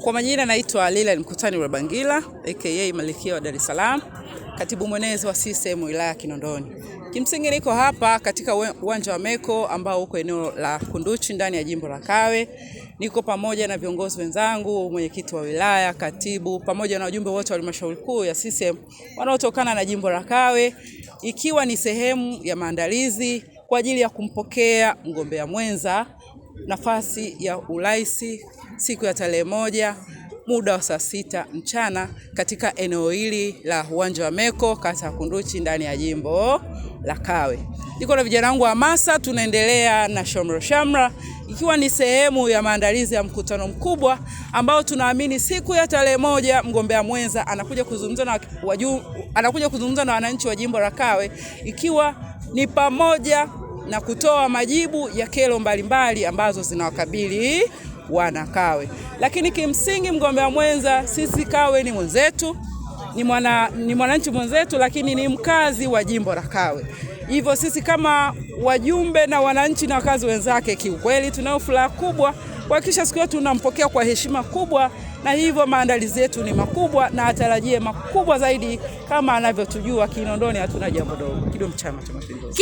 Kwa majina naitwa Lila Mkutani Rabangila aka Malikia wa Dar es Salaam, katibu mwenezi wa CCM wilaya ya Kinondoni. Kimsingi niko hapa katika uwanja wa Meko ambao uko eneo la Kunduchi ndani ya jimbo la Kawe. Niko pamoja na viongozi wenzangu, mwenyekiti wa wilaya, katibu, pamoja na wajumbe wote wa halmashauri kuu ya CCM wanaotokana na jimbo la Kawe, ikiwa ni sehemu ya maandalizi kwa ajili ya kumpokea mgombea mwenza nafasi ya urais siku ya tarehe moja muda wa saa sita mchana katika eneo hili la uwanja wa Meko kata ya Kunduchi ndani ya jimbo la Kawe. Niko na vijana wangu wa Masa, tunaendelea na shamra shamra, ikiwa ni sehemu ya maandalizi ya mkutano mkubwa ambao tunaamini siku ya tarehe moja mgombea mwenza anakuja kuzungumza na waju, anakuja kuzungumza na wananchi wa jimbo la Kawe ikiwa ni pamoja na kutoa majibu ya kero mbalimbali ambazo zinawakabili wana Kawe. Lakini kimsingi mgombea mwenza, sisi Kawe ni mwenzetu, ni mwana, ni mwananchi mwenzetu, lakini ni mkazi wa jimbo la Kawe. Hivyo sisi kama wajumbe na wananchi na wakazi wenzake, kiukweli tunayo furaha kubwa kuhakikisha siku yote tunampokea kwa heshima kubwa, na hivyo maandalizi yetu ni makubwa na atarajie makubwa zaidi. Kama anavyotujua Kinondoni, hatuna jambo dogo. Kidumu Chama cha Mapinduzi!